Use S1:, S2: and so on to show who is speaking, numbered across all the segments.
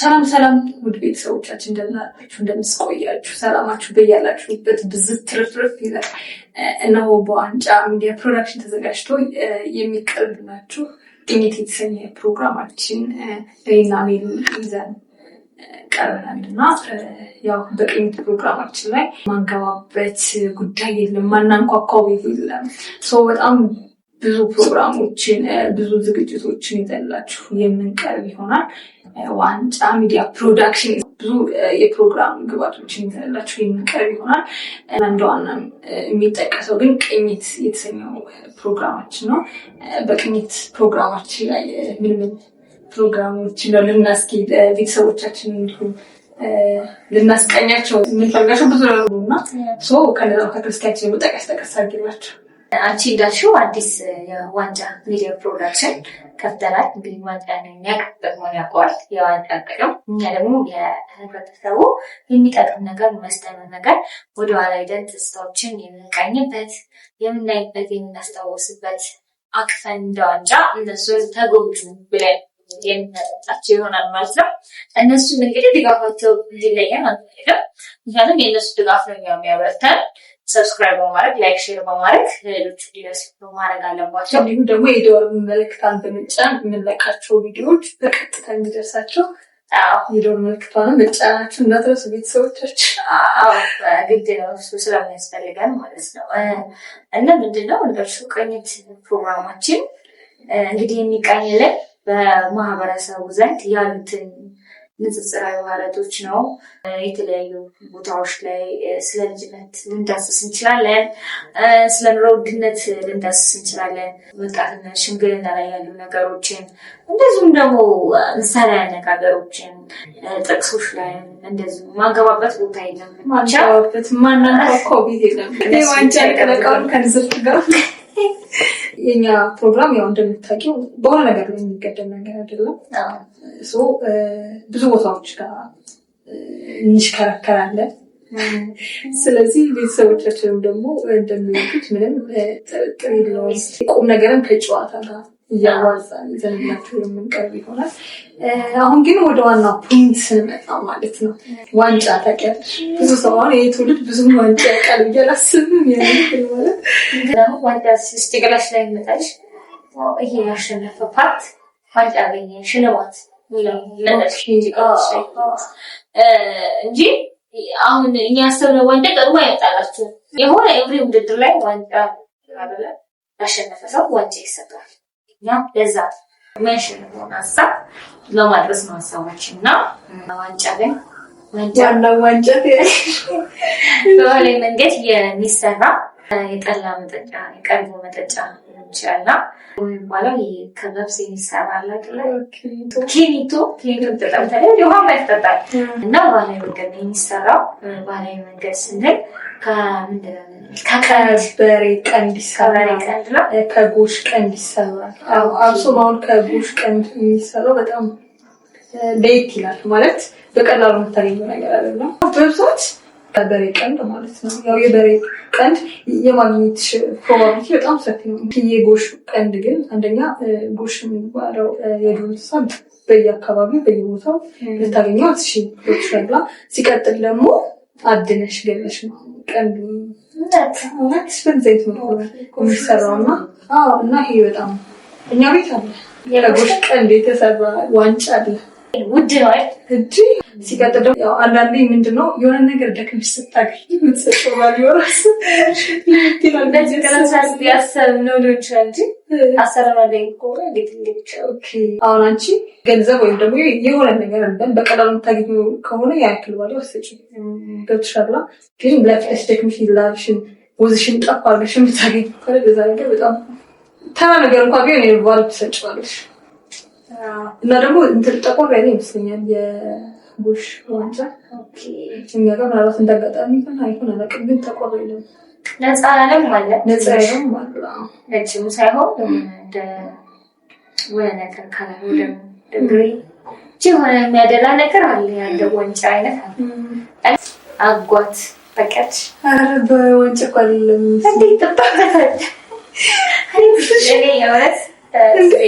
S1: ሰላም ሰላም ውድ ቤተሰቦቻችን እንደምናላችሁ እንደምስቆያችሁ ሰላማችሁ በያላችሁበት ብዝት ትርፍርፍ ይላል። እነሆ በዋንጫ ሚዲያ ፕሮዳክሽን ተዘጋጅቶ የሚቀርብላችሁ ቅኝት የተሰኘ ፕሮግራማችን ሬና ሜል ይዘን ቀርበናል እና ያው በቅኝት ፕሮግራማችን ላይ ማንገባበት ጉዳይ የለም፣ ማናንኳኳቢ የለም። በጣም ብዙ ፕሮግራሞችን ብዙ ዝግጅቶችን ይዘንላችሁ የምንቀርብ ይሆናል። ዋንጫ ሚዲያ ፕሮዳክሽን ብዙ የፕሮግራም ግባቶችን ይዘንላችሁ የምንቀርብ ይሆናል። እንደ ዋና የሚጠቀሰው ግን ቅኝት የተሰኘው ፕሮግራማችን ነው። በቅኝት ፕሮግራማችን ላይ ምን ምን ፕሮግራሞችን ነው ልናስኬድ ቤተሰቦቻችን እንዲሁም ልናስቀኛቸው የምንፈልጋቸው ብዙ ነው እና ከነዛ መካከል እስኪያችን ጠቀስ ጠቀስ አድርጌላቸው አንቺ እንዳልሽው አዲስ የዋንጫ ሚዲያ ፕሮዳክሽን ከፍተናል። እንግዲህ ዋንጫ መሆን ያውቀዋል። የዋንጫ ቅደም እኛ ደግሞ የህብረተሰቡ የሚጠቅም ነገር የሚያስተምር ነገር ወደኋላ ሄደን ትዝታዎችን የምንቃኝበት፣ የምናይበት፣ የምናስታወስበት አቅፈን እንደ ዋንጫ እነሱ ተጎብዙ ብለን የምናጠጣቸው ይሆናል ማለት ነው። እነሱም እንግዲህ ድጋፋቸው እንዲለየን አንፈልግም። ምክንያቱም የእነሱ ድጋፍ ነው የሚያበረታል ሰብስክራይብ በማድረግ ላይክ፣ ሼር በማድረግ ሌሎች ዲስ በማድረግ አለባቸው። እንዲሁም ደግሞ የደወል ምልክቷን በመጫን የምንለቃቸው ቪዲዮዎች በቀጥታ እንዲደርሳቸው የደወል ምልክቷን መጫናችሁ እንዳትረሱ ቤተሰቦቻች።
S2: ግድ ነው እሱ ስለሚያስፈልገን ማለት ነው። እና ምንድነው እንደርሱ ቅኝት ፕሮግራማችን እንግዲህ የሚቃኝልን በማህበረሰቡ ዘንድ ያሉትን ንጽጽራዊ ማለቶች ነው። የተለያዩ ቦታዎች ላይ ስለ ልጅነት ልንዳስስ እንችላለን። ስለ ኑሮ ውድነት ልንዳስስ እንችላለን። ወጣትና ሽምግልና ላይ ያሉ ነገሮችን እንደዚሁም ደግሞ ምሳሌ አነጋገሮችን ጥቅሶች ላይ እንደዚሁ ማንገባበት ቦታ የለም።
S1: ማንገባበት ማናንኳኮ የለም። ዋንጫ ቀለቃውን ከንዝርት ጋር የኛ ፕሮግራም ያው እንደምታውቂው በሆነ ነገር ላይ የሚገደብ ነገር አይደለም። ብዙ ቦታዎች ጋር እንሽከረከራለን። ስለዚህ ቤተሰቦቻችንም ደግሞ እንደሚወዱት ምንም ጥርጥር የለውም። ቁም ነገርም ከጨዋታ ጋር እያዋዛን ይዘንላችሁ የምንቀርብ ይሆናል። አሁን ግን ወደ ዋና ፖይንት ስንመጣ ማለት ነው ዋንጫ ታውቂያለሽ። ብዙ ሰው አሁን ይህ ትውልድ ብዙም ዋንጫ ያውቃል ብዬ አላስብም። ማለት
S2: ዋንጫ ስቲግላሽ ላይ ይመጣልሽ ይሄ ያሸነፈ ፓርት ዋንጫ ያገኘ ሽልማት እንጂ አሁን እኛ ያሰብነው ዋንጫ ቀድሞ አይመጣላችሁም። የሆነ ኤቭሪ ውድድር ላይ ዋንጫ ያሸነፈ ሰው ዋንጫ ይሰጣል። እኛም ለዛ ሜንሽን የሆነ ሀሳብ ለማድረስ ነው ሀሳቦች እና ዋንጫ ግን በሆነ መንገድ የሚሰራ የጠላ መጠጫ የቀርቦ መጠጫ ይችላልና የሚባለው ከገብስ የሚሰራ ኬኒቶ ኬኒቶ ተጠምተለ ውሃ ያጠጣል እና ባህላዊ መንገድ የሚሰራው። ባህላዊ መንገድ ስንል ከምንድን ነው
S1: ከበሬ ቀንድ ይሰራል፣ ከጎሽ ቀንድ ይሰራል። አብሶ አሁን ከጎሽ ቀንድ የሚሰራው በጣም ለየት ይላል። ማለት በቀላሉ የምታገኘው ነገር አይደለም። በብዛት ከበሬ ቀንድ ማለት ነው። ያው የበሬ ቀንድ የማግኘት ፕሮባቢሊቲ በጣም ሰፊ ነው። የጎሽ ቀንድ ግን አንደኛ ጎሽ የሚባለው የዱር እንስሳት በየአካባቢው በየቦታው ልታገኘው ብላ ሲቀጥል ደግሞ አድነሽ ገለሽ ነው ቀንዱ ስፐን ዘይት እና ይሄ በጣም እኛ ቤት አለ ቀንድ የተሰራ ዋንጫ አለ።
S2: ውድ ነው አይደል?
S1: ሲቀጥል ደግሞ አንዳንዴ ምንድን ነው የሆነ ነገር ደክም ስታገኝ የምትሰጠው ባልሆ
S2: ራስ ያሰብነው ሊሆን ይችላል እንጂ ከሆነ እንዴት
S1: አሁን አንቺ ገንዘብ ወይም ደግሞ የሆነ ነገር እንደን በቀላሉ የምታገኙ ከሆነ ያክል ባለ ወሰጭ ገብትሻላ ግን ለፊስ ደክምሽ ላሽን ወዝሽን ጠፍ አድርገሽ የምታገኝ ከሆነ በዛ ነገር በጣም ተራ ነገር እንኳ ቢሆን ባል ትሰጭዋለሽ እና ደግሞ እንትን ጠቆር ያለ ይመስለኛል ጉሽ ዋንጫ እኛ ጋር ምናልባት እንዳጋጣሚ ግን አይሆን አላውቅም፣ ግን ተቆር የለም
S2: ነፃ ያለም አለ
S1: ነፃ ያለም አለ
S2: ነጭም ሳይሆን እንደ ወይ ነገር ካላሉ ደግሞ የሆነ የሚያደላ ነገር አለ ያለ ዋንጫ አይነት አለ። አጓት በቀች
S1: በዋንጫ እኮ አይደለም
S2: እንዴት ትባላል? እኔ የእውነት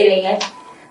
S2: ይለኛል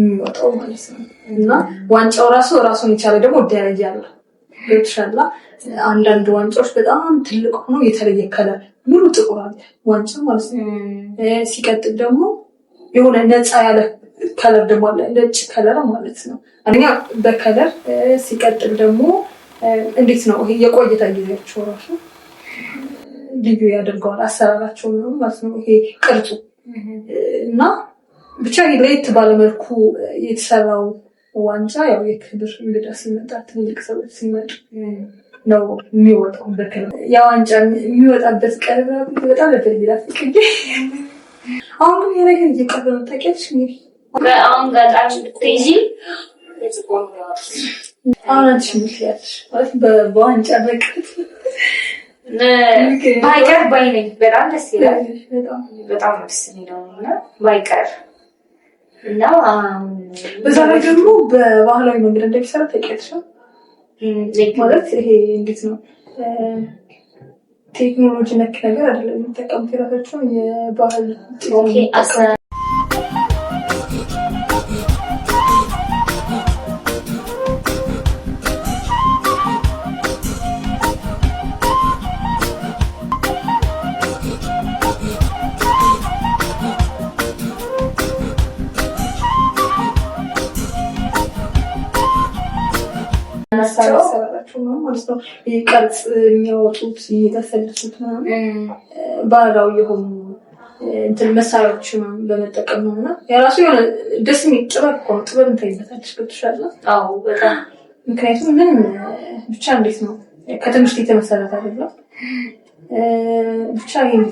S1: የሚወጣው ማለት ነው። እና ዋንጫው ራሱ ራሱን የቻለ ደግሞ ደረጃ አለ። ሻላ አንዳንድ ዋንጫዎች በጣም ትልቅ ሆኖ የተለየ ከለር ሙሉ ጥቁር አለ ዋንጫ ማለት ነው። ሲቀጥል ደግሞ የሆነ ነፃ ያለ ከለር ደግሞ አለ፣ ነጭ ከለር ማለት ነው። አንደኛ በከለር ሲቀጥል ደግሞ እንዴት ነው ይሄ የቆይታ ጊዜያቸው ራሱ ልዩ ያደርገዋል አሰራራቸው ማለት ነው ይሄ ቅርጹ እና ብቻ ለየት ባለመልኩ የተሰራው ዋንጫ ያው የክብር እንግዳ ሲመጣ ትልልቅ ሰዎች ሲመጡ ነው የሚወጣው። በክል ያ ዋንጫ የሚወጣበት ቀረበ በጣም ለፈልላ አሁን ግን የነገር እየቀረ ነው ታውቂያለሽ።
S2: አሁን ጋጣም ብትይዚ
S1: አሁን አንቺ ምክያለሽ በዋንጫ በቅት
S2: ባይቀር ባይ በጣም ደስ ይላል። በጣም ደስ የሚለው እና ባይቀር እና
S1: በዛ ላይ ደግሞ በባህላዊ መንገድ እንደሚሰራ ታውቂያለሽ። ማለት ይሄ እንዴት ነው ቴክኖሎጂ ነክ ነገር አይደለም የሚጠቀሙት የራሳቸውን የባህል ሰው ቅርጽ የሚያወጡት የሚተሰልሱት ባህላዊ የሆኑ እንትን መሳሪያዎችን በመጠቀም ነው እና የራሱ የሆነ ደስ የሚል ጥበብ እኮ ነው። ጥበብ እንታይበታለች። ገብቶሻል? አዎ በጣም ምክንያቱም ምን ብቻ እንዴት ነው ከትምህርት የተመሰረተ አይደለም። ብቻ ይሄ ነው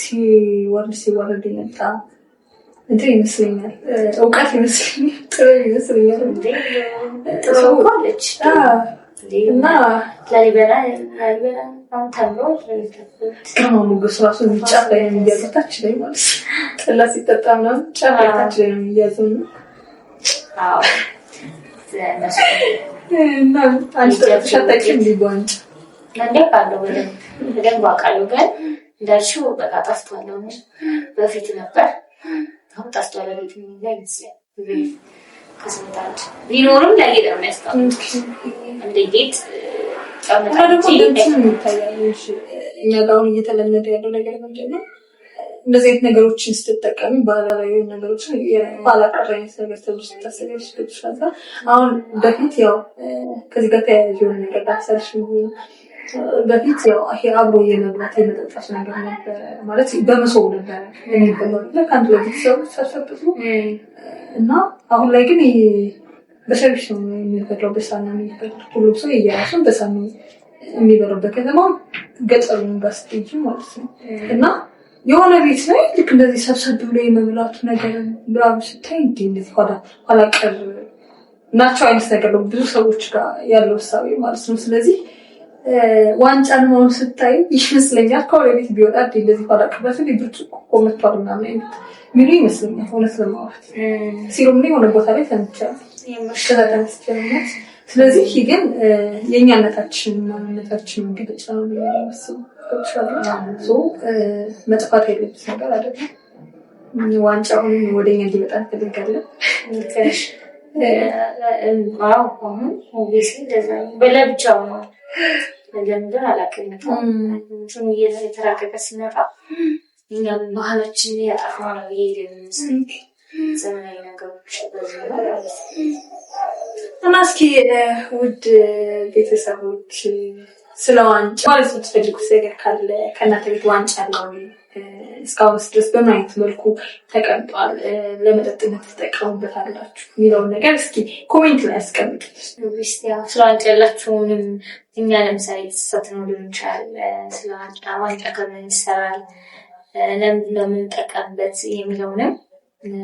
S1: ሲወርድ ሲወርድ የመጣ እንትን ይመስለኛል፣ እውቀት ይመስለኛል፣ ጥበብ ይመስለኛል። ጥበብ አለች እና ላሊበላ ላሊበላ ሲጠጣ ምናምን ጫፍ በፊት ነበር፣ አሁን ጠፍቷል። ቤት የሚይዛ ይመስላል ከስምንት ቢኖርም ለጌጥ ነው የሚያስቀምጡት። እየተለመደ ያለው ነገር ምንድን እንደዚህ አይነት ነገሮችን ስትጠቀሚ ባህላዊ ነገሮችን ባላቀር አይነት ነገር ተብሎ ስታሰቢያለሽ አሁን በፊት ያው ከዚህ ጋር ተያያዥ የሆነ ነገር ዳሰልሽ በፊት ያው ይሄ አብሮ የመብላት የመጠጣት ነገር ነበረ። ማለት በመሶብ ነበረ ከአንድ በፊት ሰው ሰብሰብ እና አሁን ላይ ግን በሰርቪስ ነው የሚፈለው። በሳና ነው የሚፈለው። ሁሉም ሰው የየራሱን በሳህን ነው የሚበላበት። ከተማ ገጠሩ ባስቴጅ ማለት ነው እና የሆነ ቤት ላይ ልክ እንደዚህ ሰብሰብ ብሎ የመብላቱ ነገር ብራም ስታይ እንዲ እንደዚህ ኋላ ኋላ ቀር ናቸው አይነት ነገር ነው ብዙ ሰዎች ጋር ያለው እሳቤ ማለት ነው። ስለዚህ ዋንጫ ሆኖ ስታይ ይመስለኛል ከወደቤት ቢወጣ ዲ እንደዚህ ባላቅበት ብርጭቆ መቷል ምናምን አይነት ሚሉ ይመስለኛል። እውነት ለማውራት ሲሉም የሆነ ቦታ ላይ ተንቻለሁ። ስለዚህ ግን የእኛነታችን ማንነታችን መገለጫ ነው የሚመስለው። መጥፋት የለብት ነገር አይደለም። ዋንጫውን ወደ እኛ እንዲመጣ እንፈልጋለን። አሁን ለብቻው ነው ለምንድን አላውቅም። እንትኑ የተራቀቀ ሲመጣ እኛም ባህላችን ያጠፋ ነው ይሄድ የምንስል ዘመናዊ ነገሮች በዚህ ነው እና እስኪ ውድ ቤተሰቦች ስለ ዋንጫ ማለት የምትፈልጉት ነገር ካለ ከእናንተ ቤት ዋንጫ ያለው እስካሁን ድረስ በምን አይነት መልኩ ተቀምጧል፣ ለመጠጥነት ተጠቀሙበት አላችሁ የሚለውን ነገር እስኪ ኮሜንት ላይ ያስቀምጡት። ስለ ዋንጫ ያላችሁንም እኛ ለምሳሌ የተሳሳትን ሊሆን ይችላል። ስለ ዋንጫ ከምን ይሰራል፣ ለምንድነው የምንጠቀምበት የሚለውንም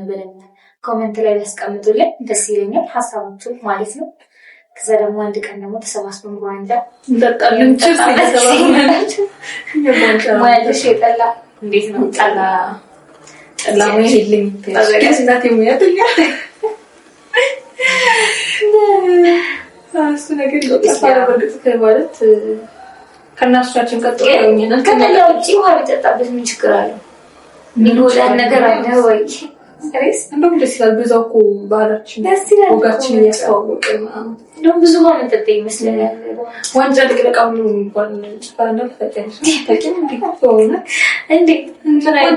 S1: በደንብ ኮመንት ላይ ቢያስቀምጡልን ደስ ይለኛል፣ ሀሳቦቹ ማለት ነው። ከዛ ደግሞ አንድ ቀን ደግሞ ተሰባስበን በዋንጫ እንጠጣለን። ሙያለሽ የጠላ እንዴት ነው? ጠላ ጠላ ሙያ የለኝ እናቴ እሱ ነገር ማለት ከእናቶቻችን ቀጥሎ ይሆኛል። ከነዛ ውጭ ውሃ ቢጠጣበት ምን ችግር አለው? የሚጎዳን ነገር አለ ወይ? እንደውም ደስ ይላል። በዛው እኮ ባህላችን ወጋችን እያስተዋወቀ እንደውም ብዙ ውሃ መጠጣ ይመስለኛል። ዋንጫ ልቅለቃ የሚባል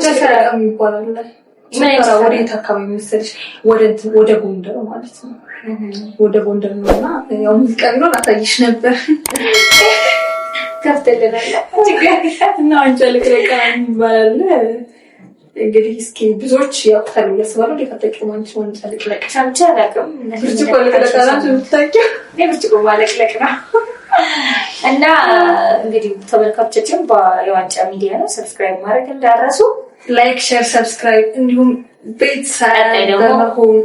S1: ጭፈራ ነው። አካባቢ መሰለሽ? ወደ ጎንደር ማለት ነው። ወደ ጎንደር ነው እና ያው ሙዚቃ ቢሆን አሳይሽ ነበር እና አንቻልክ ለቃሚ እንግዲህ እስኪ ብዙዎች ያውቁታል እያስባሉ ሊፈጠቂ ማንች ወንጫልቅ ለቅቻልቻ አላውቅም። ብርጭቆ ለቅለቃላት የምታውቂው ብርጭቆ ማለቅለቅ ነው። እና እንግዲህ ተመልካቾቻችን የዋንጫ ሚዲያ ነው። ሰብስክራይብ ማድረግ እንዳረሱ ላይክ፣ ሼር፣ ሰብስክራይብ እንዲሁም ቤተሰብ በመሆን